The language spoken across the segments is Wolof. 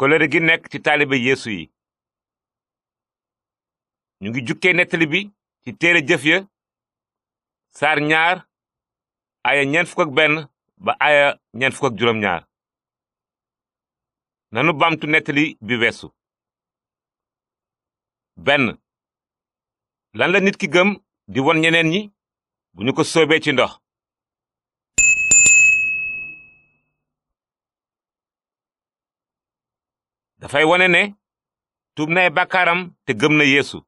kolere gi nekk ci taalibe yeesu yi ñu ngi jukkee nettali bi ci téere jëf ya saar ñaar aya ñeent fukk benn ba aya ñeent fukk juróom ñaar nanu bamtu nettali bi weesu benn lan nit ki gëm di won ñeneen ñi bu ñu ko soobee ci ndox dafay wone ne tuub na ay bakkaaram te gëm na yéesu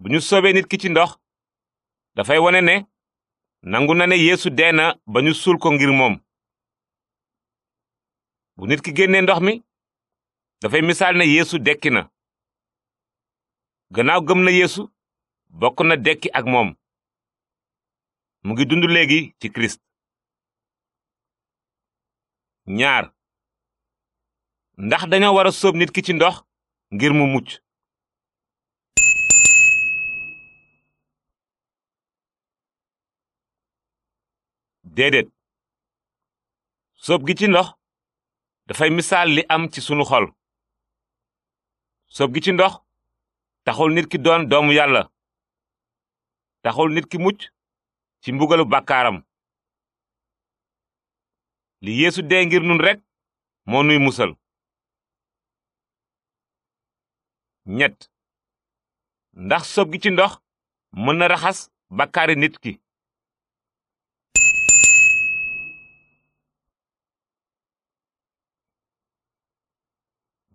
bu ñu soobee nit ki ci ndox dafay wone ne nangu na ne yeesu dee na ba ñu suul ko ngir moom bu nit ki génnee ndox mi dafay misaal ne yéesu dekki na gannaaw gëm na yéesu bokk na dekki ak moom mu ngi dund léegi ci kirist ñaar ndax dañoo war a sóob nit ki ci ndox ngir mu mucc déedéet sóob gi ci ndox dafay misaal li am ci sunu xol sóob gi ci ndox taxul nit ki doon doomu yàlla taxul nit ki mucc ci mbugalu bàkkaaram li yéesu dee ngir nun rekk moo nuy musal ñett ndax soob gi ci ndox mën na raxas bakkaari nit ki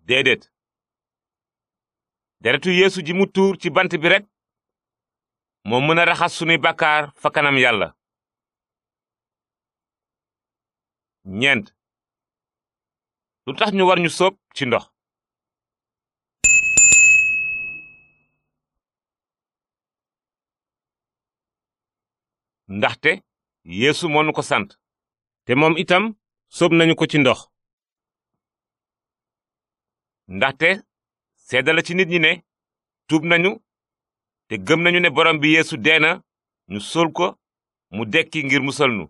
déedéet deretu yeesu ji mu tuur ci bant bi rekk moo mën a raxas sunuy bakkaar fa kanam yàlla ñeent lu tax ñu war ñu sóob ci ndox ndaxte yeesu moo nu ko sant te moom itam sóob nañu ko ci ndox ndaxte seedala ci nit ñi ne tuub nañu te gëm nañu ne borom bi yéesu dee na ñu sol ko mu dekki ngir musalnu